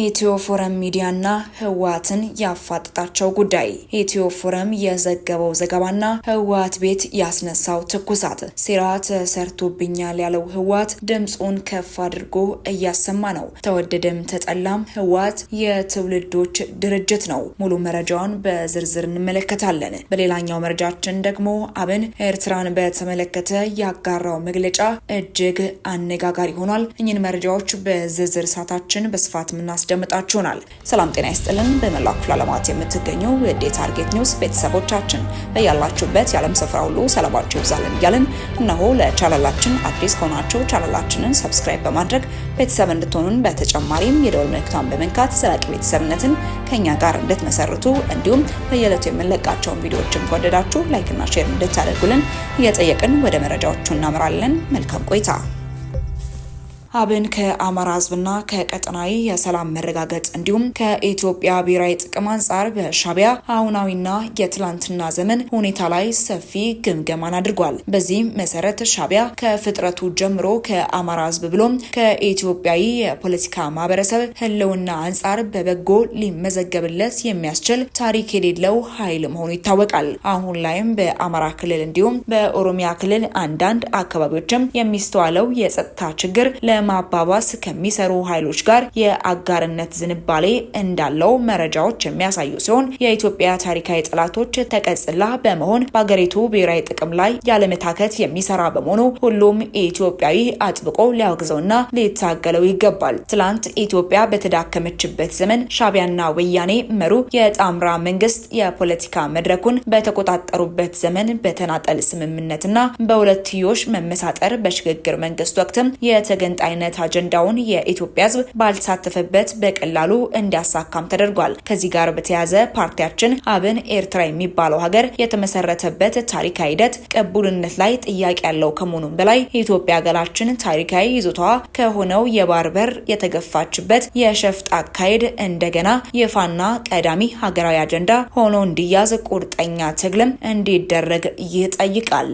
ኢትዮ ፎረም ሚዲያና ህወሓትን ያፋጠጣቸው ጉዳይ። ኢትዮ ፎረም የዘገበው ዘገባና ህወሓት ቤት ያስነሳው ትኩሳት ሴራ ተሰርቶብኛል ያለው ህወሓት ድምፁን ከፍ አድርጎ እያሰማ ነው። ተወደደም ተጠላም ህወሓት የትውልዶች ድርጅት ነው። ሙሉ መረጃውን በዝርዝር እንመለከታለን። በሌላኛው መረጃችን ደግሞ አብን ኤርትራን በተመለከተ ያጋራው መግለጫ እጅግ አነጋጋሪ ሆኗል። እኝን መረጃዎች በዝርዝር ሰዓታችን በስፋት ምና እናስደምጣችሁናል። ሰላም ጤና ይስጥልን። በመላው ክፍለ ዓለማት የምትገኙ የዴ ታርጌት ኒውስ ቤተሰቦቻችን በያላችሁበት የዓለም ስፍራ ሁሉ ሰላማችሁ ይብዛልን እያልን እነሆ ለቻናላችን አዲስ ከሆናችሁ ቻናላችንን ሰብስክራይብ በማድረግ ቤተሰብ እንድትሆኑን በተጨማሪም የደወል ምልክቷን በመንካት ዘላቂ ቤተሰብነትን ከእኛ ጋር እንድትመሰርቱ እንዲሁም በየዕለቱ የምንለቃቸውን ቪዲዮዎችን ከወደዳችሁ ላይክና ሼር እንድታደርጉልን እየጠየቅን ወደ መረጃዎቹ እናምራለን። መልካም ቆይታ አብን ከአማራ ህዝብና ከቀጠናዊ የሰላም መረጋገጥ እንዲሁም ከኢትዮጵያ ብሔራዊ ጥቅም አንጻር በሻቢያ አሁናዊና የትላንትና ዘመን ሁኔታ ላይ ሰፊ ግምገማን አድርጓል። በዚህም መሰረት ሻቢያ ከፍጥረቱ ጀምሮ ከአማራ ህዝብ ብሎም ከኢትዮጵያዊ የፖለቲካ ማህበረሰብ ህልውና አንጻር በበጎ ሊመዘገብለት የሚያስችል ታሪክ የሌለው ኃይል መሆኑ ይታወቃል። አሁን ላይም በአማራ ክልል እንዲሁም በኦሮሚያ ክልል አንዳንድ አካባቢዎችም የሚስተዋለው የጸጥታ ችግር ለ ለማባባስ ከሚሰሩ ኃይሎች ጋር የአጋርነት ዝንባሌ እንዳለው መረጃዎች የሚያሳዩ ሲሆን የኢትዮጵያ ታሪካዊ ጠላቶች ተቀጽላ በመሆን በአገሪቱ ብሔራዊ ጥቅም ላይ ያለመታከት የሚሰራ በመሆኑ ሁሉም ኢትዮጵያዊ አጥብቆ ሊያወግዘውና ሊታገለው ይገባል። ትላንት ኢትዮጵያ በተዳከመችበት ዘመን ሻቢያና ወያኔ መሩ የጣምራ መንግስት የፖለቲካ መድረኩን በተቆጣጠሩበት ዘመን በተናጠል ስምምነትና በሁለትዮሽ መመሳጠር በሽግግር መንግስት ወቅትም የተገንጣ አይነት አጀንዳውን የኢትዮጵያ ህዝብ ባልተሳተፈበት በቀላሉ እንዲያሳካም ተደርጓል። ከዚህ ጋር በተያያዘ ፓርቲያችን አብን ኤርትራ የሚባለው ሀገር የተመሰረተበት ታሪካዊ ሂደት ቅቡልነት ላይ ጥያቄ ያለው ከመሆኑም በላይ የኢትዮጵያ ሀገራችን ታሪካዊ ይዞታዋ ከሆነው የባህር በር የተገፋችበት የሸፍጥ አካሄድ እንደገና የፋና ቀዳሚ ሀገራዊ አጀንዳ ሆኖ እንዲያዝ ቁርጠኛ ትግልም እንዲደረግ ይጠይቃል።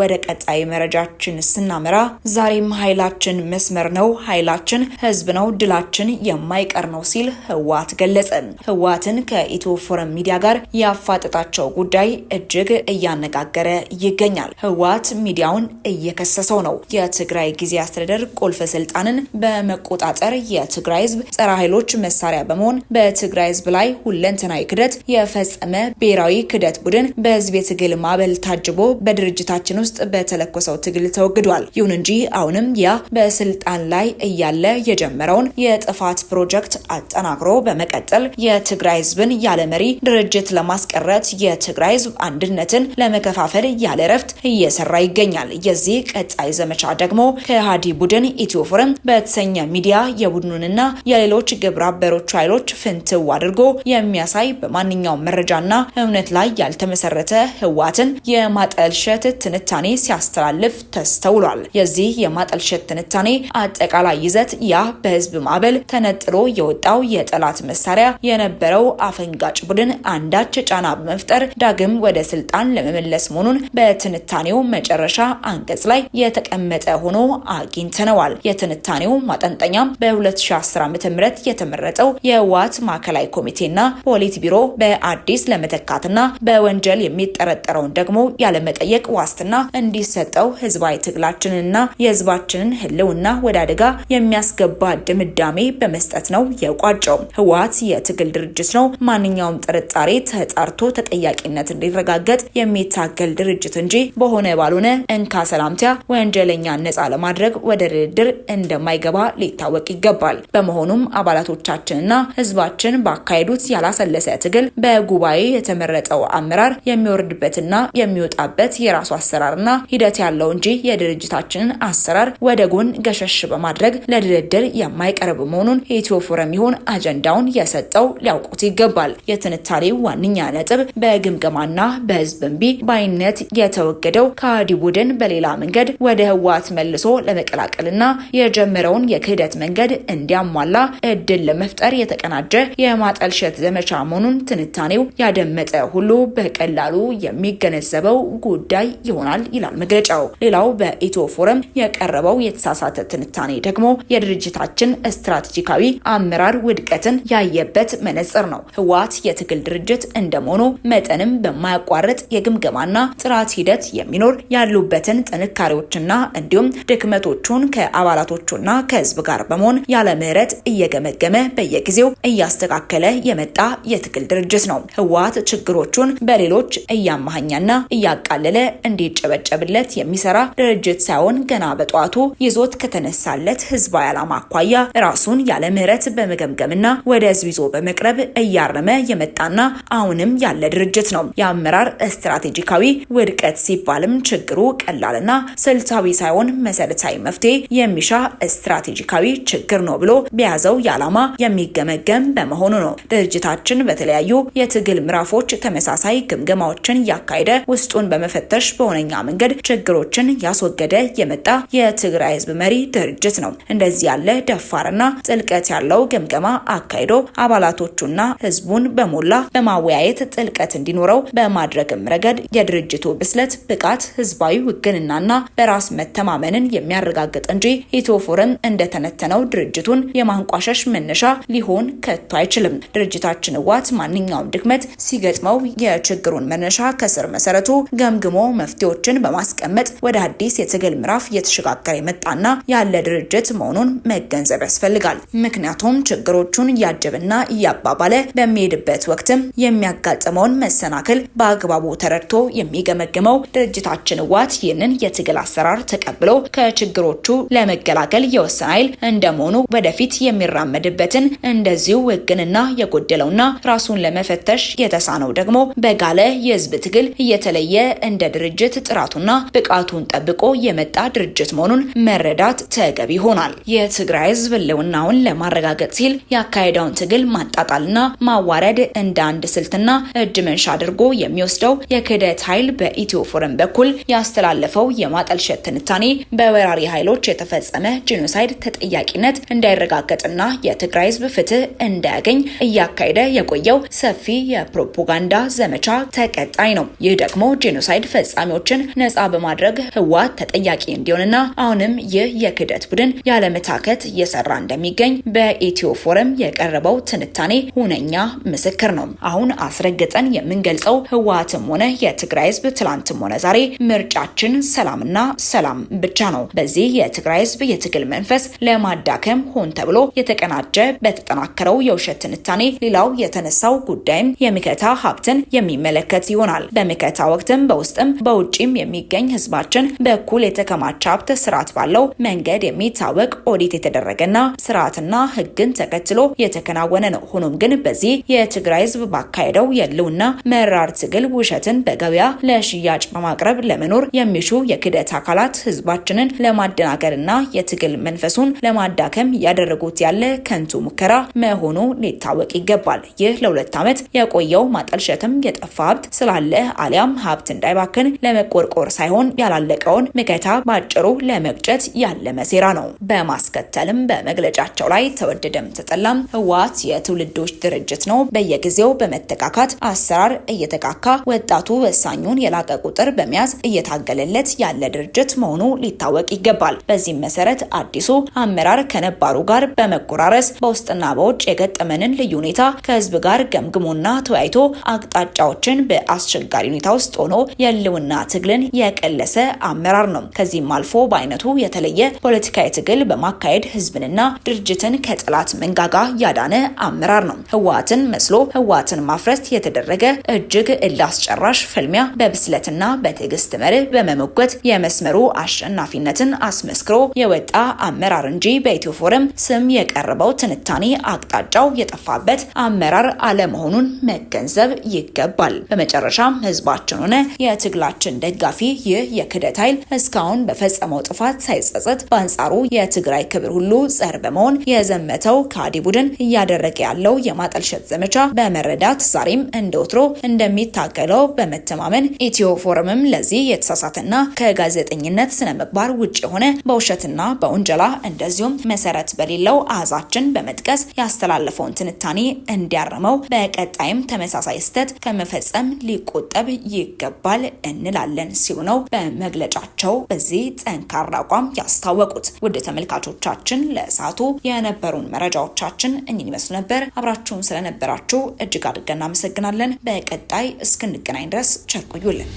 ወደ ቀጣይ መረጃችን ስናመራ ዛሬም ኃይላችን መስመር ነው፣ ኃይላችን ህዝብ ነው፣ ድላችን የማይቀር ነው ሲል ህወሓት ገለጸ። ህወሓትን ከኢትዮ ፎረም ሚዲያ ጋር ያፋጠጣቸው ጉዳይ እጅግ እያነጋገረ ይገኛል። ህወሓት ሚዲያውን እየከሰሰው ነው። የትግራይ ጊዜ አስተዳደር ቁልፍ ስልጣንን በመቆጣጠር የትግራይ ህዝብ ጸረ ኃይሎች መሳሪያ በመሆን በትግራይ ህዝብ ላይ ሁለንተናዊ ክደት የፈጸመ ብሔራዊ ክደት ቡድን በህዝብ የትግል ማዕበል ታጅቦ በድርጅታችን ውስጥ ውስጥ በተለኮሰው ትግል ተወግዷል። ይሁን እንጂ አሁንም ያ በስልጣን ላይ እያለ የጀመረውን የጥፋት ፕሮጀክት አጠናክሮ በመቀጠል የትግራይ ህዝብን ያለ መሪ ድርጅት ለማስቀረት የትግራይ ህዝብ አንድነትን ለመከፋፈል ያለ እረፍት እየሰራ ይገኛል። የዚህ ቀጣይ ዘመቻ ደግሞ ከሃዲ ቡድን ኢትዮ ፎረም በተሰኘ ሚዲያ የቡድኑንና የሌሎች ግብረ አበሮች ኃይሎች ፍንትው አድርጎ የሚያሳይ በማንኛውም መረጃና እውነት ላይ ያልተመሰረተ ህዋትን የማጠልሸት ትንት ትንታኔ ሲያስተላልፍ ተስተውሏል። የዚህ የማጠልሸት ትንታኔ አጠቃላይ ይዘት ያ በህዝብ ማዕበል ተነጥሎ የወጣው የጠላት መሳሪያ የነበረው አፈንጋጭ ቡድን አንዳች ጫና በመፍጠር ዳግም ወደ ስልጣን ለመመለስ መሆኑን በትንታኔው መጨረሻ አንቀጽ ላይ የተቀመጠ ሆኖ አግኝተነዋል። የትንታኔው ማጠንጠኛ በ2010 ዓ.ም የተመረጠው የህወሓት ማዕከላዊ ኮሚቴና ፖሊት ቢሮ በአዲስ ለመተካትና በወንጀል የሚጠረጠረውን ደግሞ ያለመጠየቅ ዋስትና እንዲሰጠው ህዝባዊ ትግላችንንና የህዝባችንን ህልውና ወደ አደጋ የሚያስገባ ድምዳሜ በመስጠት ነው የቋጨው። ህወሓት የትግል ድርጅት ነው። ማንኛውም ጥርጣሬ ተጣርቶ ተጠያቂነት እንዲረጋገጥ የሚታገል ድርጅት እንጂ በሆነ ባልሆነ እንካ ሰላምቲያ ወንጀለኛ ነጻ ለማድረግ ወደ ድርድር እንደማይገባ ሊታወቅ ይገባል። በመሆኑም አባላቶቻችንና ህዝባችን ባካሄዱት ያላሰለሰ ትግል በጉባኤ የተመረጠው አመራር የሚወርድበትና የሚወጣበት የራሱ አሰራር አሰራርና ሂደት ያለው እንጂ የድርጅታችንን አሰራር ወደ ጎን ገሸሽ በማድረግ ለድርድር የማይቀርብ መሆኑን የኢትዮ ፎረም ይሁን አጀንዳውን የሰጠው ሊያውቁት ይገባል። የትንታኔው ዋነኛ ነጥብ በግምገማና በህዝብ እምቢ ባይነት የተወገደው ከአዲ ቡድን በሌላ መንገድ ወደ ህወሓት መልሶ ለመቀላቀልና የጀመረውን የክህደት መንገድ እንዲያሟላ እድል ለመፍጠር የተቀናጀ የማጠልሸት ዘመቻ መሆኑን ትንታኔው ያደመጠ ሁሉ በቀላሉ የሚገነዘበው ጉዳይ ይሆናል ይገኛል ይላል መግለጫው። ሌላው በኢትዮ ፎረም የቀረበው የተሳሳተ ትንታኔ ደግሞ የድርጅታችን ስትራቴጂካዊ አመራር ውድቀትን ያየበት መነጽር ነው። ህወሓት የትግል ድርጅት እንደመሆኑ መጠንም በማያቋርጥ የግምገማና ጥራት ሂደት የሚኖር ያሉበትን ጥንካሬዎችና እንዲሁም ድክመቶቹን ከአባላቶቹና ከህዝብ ጋር በመሆን ያለ ምህረት እየገመገመ በየጊዜው እያስተካከለ የመጣ የትግል ድርጅት ነው። ህወሓት ችግሮቹን በሌሎች እያመሀኛና እያቃለለ እንዲጨ እያጨበጨብለት የሚሰራ ድርጅት ሳይሆን ገና በጠዋቱ ይዞት ከተነሳለት ህዝባዊ ዓላማ አኳያ ራሱን ያለ ምህረት በመገምገምና ወደ ህዝብ ይዞ በመቅረብ እያረመ የመጣና አሁንም ያለ ድርጅት ነው። የአመራር ስትራቴጂካዊ ውድቀት ሲባልም ችግሩ ቀላልና ስልታዊ ሳይሆን መሰረታዊ መፍትሄ የሚሻ ስትራቴጂካዊ ችግር ነው ብሎ በያዘው የዓላማ የሚገመገም በመሆኑ ነው። ድርጅታችን በተለያዩ የትግል ምዕራፎች ተመሳሳይ ግምገማዎችን እያካሄደ ውስጡን በመፈተሽ በሆነኛ መንገድ ችግሮችን ያስወገደ የመጣ የትግራይ ህዝብ መሪ ድርጅት ነው። እንደዚህ ያለ ደፋርና ጥልቀት ያለው ገምገማ አካሂዶ አባላቶቹና ህዝቡን በሞላ በማወያየት ጥልቀት እንዲኖረው በማድረግም ረገድ የድርጅቱ ብስለት፣ ብቃት፣ ህዝባዊ ውግንናና በራስ መተማመንን የሚያረጋግጥ እንጂ ኢትዮፎርን እንደተነተነው ድርጅቱን የማንቋሸሽ መነሻ ሊሆን ከቶ አይችልም። ድርጅታችን ህወሓት ማንኛውም ድክመት ሲገጥመው የችግሩን መነሻ ከስር መሰረቱ ገምግሞ መፍትሄዎችን ግቦችን በማስቀመጥ ወደ አዲስ የትግል ምዕራፍ እየተሸጋገረ የመጣና ያለ ድርጅት መሆኑን መገንዘብ ያስፈልጋል። ምክንያቱም ችግሮቹን እያጀብና እያባባለ በሚሄድበት ወቅትም የሚያጋጥመውን መሰናክል በአግባቡ ተረድቶ የሚገመግመው ድርጅታችን ህወሓት ይህንን የትግል አሰራር ተቀብሎ ከችግሮቹ ለመገላገል የወሰነ ኃይል እንደመሆኑ ወደፊት የሚራመድበትን እንደዚሁ ህግንና የጎደለውና ራሱን ለመፈተሽ የተሳነው ደግሞ በጋለ የህዝብ ትግል እየተለየ እንደ ድርጅት ጥራ ጥራቱና ብቃቱን ጠብቆ የመጣ ድርጅት መሆኑን መረዳት ተገቢ ይሆናል። የትግራይ ህዝብ ህልውናውን ለማረጋገጥ ሲል ያካሄደውን ትግል ማጣጣልና ማዋረድ እንደ አንድ ስልትና እጅ መንሻ አድርጎ የሚወስደው የክህደት ኃይል በኢትዮ ፎረም በኩል ያስተላለፈው የማጠልሸት ትንታኔ በወራሪ ኃይሎች የተፈጸመ ጄኖሳይድ ተጠያቂነት እንዳይረጋገጥና የትግራይ ህዝብ ፍትህ እንዳያገኝ እያካሄደ የቆየው ሰፊ የፕሮፓጋንዳ ዘመቻ ተቀጣይ ነው። ይህ ደግሞ ጄኖሳይድ ፈጻሚዎችን ነጻ በማድረግ ህወሓት ተጠያቂ እንዲሆንና አሁንም ይህ የክህደት ቡድን ያለመታከት እየሰራ እንደሚገኝ በኢትዮ ፎረም የቀረበው ትንታኔ ሁነኛ ምስክር ነው። አሁን አስረግጠን የምንገልጸው ህወሓትም ሆነ የትግራይ ህዝብ ትላንትም ሆነ ዛሬ ምርጫችን ሰላምና ሰላም ብቻ ነው። በዚህ የትግራይ ህዝብ የትግል መንፈስ ለማዳከም ሆን ተብሎ የተቀናጀ በተጠናከረው የውሸት ትንታኔ ሌላው የተነሳው ጉዳይም የምከታ ሀብትን የሚመለከት ይሆናል። በምከታ ወቅትም በውስጥም በውጭም ውጭም የሚገኝ ህዝባችን በኩል የተከማቸ ሀብት ስርዓት ባለው መንገድ የሚታወቅ ኦዲት የተደረገና ስርዓትና ህግን ተከትሎ የተከናወነ ነው። ሆኖም ግን በዚህ የትግራይ ህዝብ ባካሄደው የህልውና መራር ትግል ውሸትን በገበያ ለሽያጭ በማቅረብ ለመኖር የሚሹ የክደት አካላት ህዝባችንን ለማደናገርና የትግል መንፈሱን ለማዳከም ያደረጉት ያለ ከንቱ ሙከራ መሆኑ ሊታወቅ ይገባል። ይህ ለሁለት ዓመት የቆየው ማጠልሸትም የጠፋ ሀብት ስላለ አሊያም ሀብት እንዳይባክን ለመቆ መቆርቆር ሳይሆን ያላለቀውን ምከታ በአጭሩ ለመግጨት ያለመ ሴራ ነው። በማስከተልም በመግለጫቸው ላይ ተወደደም ተጠላም ህወሓት የትውልዶች ድርጅት ነው። በየጊዜው በመተካካት አሰራር እየተካካ ወጣቱ ወሳኙን የላቀ ቁጥር በመያዝ እየታገለለት ያለ ድርጅት መሆኑ ሊታወቅ ይገባል። በዚህም መሰረት አዲሱ አመራር ከነባሩ ጋር በመቆራረስ በውስጥና በውጭ የገጠመንን ልዩ ሁኔታ ከህዝብ ጋር ገምግሞና ተወያይቶ አቅጣጫዎችን በአስቸጋሪ ሁኔታ ውስጥ ሆኖ የህልውና ትግል ተክልን የቀለሰ አመራር ነው። ከዚህም አልፎ በአይነቱ የተለየ ፖለቲካዊ ትግል በማካሄድ ህዝብንና ድርጅትን ከጠላት መንጋጋ ያዳነ አመራር ነው። ህወሓትን መስሎ ህወሓትን ማፍረስ የተደረገ እጅግ እላስጨራሽ ፍልሚያ በብስለትና በትዕግስት መርህ በመሞገት የመስመሩ አሸናፊነትን አስመስክሮ የወጣ አመራር እንጂ በኢትዮ ፎረም ስም የቀረበው ትንታኔ አቅጣጫው የጠፋበት አመራር አለመሆኑን መገንዘብ ይገባል። በመጨረሻም ህዝባችን ሆነ የትግላችን ደግ ደጋፊ ይህ የክደት ኃይል እስካሁን በፈጸመው ጥፋት ሳይጸጸት፣ በአንጻሩ የትግራይ ክብር ሁሉ ጸር በመሆን የዘመተው ከሃዲ ቡድን እያደረገ ያለው የማጠልሸት ዘመቻ በመረዳት ዛሬም እንደ ወትሮ እንደሚታገለው በመተማመን ኢትዮ ፎረምም ለዚህ የተሳሳተና ከጋዜጠኝነት ስነ ምግባር ውጭ የሆነ በውሸትና በውንጀላ እንደዚሁም መሰረት በሌለው አዛችን በመጥቀስ ያስተላለፈውን ትንታኔ እንዲያርመው በቀጣይም ተመሳሳይ ስህተት ከመፈጸም ሊቆጠብ ይገባል እንላለን። ነን ሲሉ ነው በመግለጫቸው በዚህ ጠንካራ አቋም ያስታወቁት። ውድ ተመልካቾቻችን ለእሳቱ የነበሩን መረጃዎቻችን እኝን ይመስሉ ነበር። አብራችሁን ስለነበራችሁ እጅግ አድርገን እናመሰግናለን። በቀጣይ እስክንገናኝ ድረስ ቸር ቆዩልን።